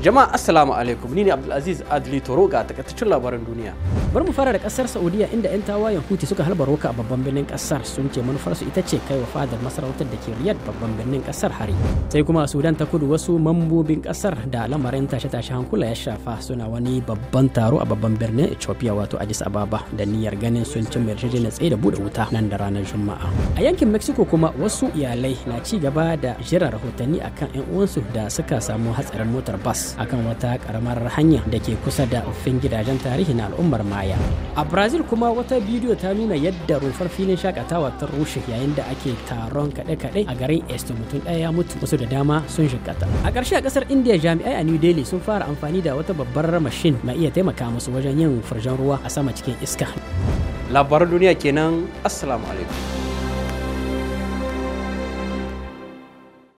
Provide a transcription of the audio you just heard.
Jama'a Assalamu alaikum ni ne Abdulaziz Adli Toro ga takaitaccen labaran duniya. Bari mu fara da kasar Saudiya inda 'yan tawayen Houthi suka halba roka a babban birnin kasar sun ce manufar su ita ce kai wa fadar masarautar da ke Riyadh babban birnin kasar hari. Sai kuma Sudan ta kudu wasu mambobin kasar da lamarin tashe-tashe hankula ya shafa suna wani babban taro a babban birnin Ethiopia wato Addis Ababa da niyyar ganin sun cin mai na tsaye da bude wuta nan da ranar Juma'a. A yankin Mexico kuma wasu iyalai na ci gaba da jira rahotanni akan 'yan uwansu da suka samu hatsarin motar bas a akan wata karamar hanya da ke kusa da ofin gidajen tarihi na al'ummar Maya. A Brazil kuma wata bidiyo ta nuna yadda rufar filin shakatawa ta rushe yayin da ake taron kaɗe-kaɗe a garin Este mutum ɗaya ya mutu wasu da dama sun shigata A ƙarshe a ƙasar India jami'ai a New Delhi sun fara amfani da wata babbar mashin mai iya taimaka musu wajen yin furjan ruwa a sama cikin iska. Labaran duniya kenan Assalamu alaikum.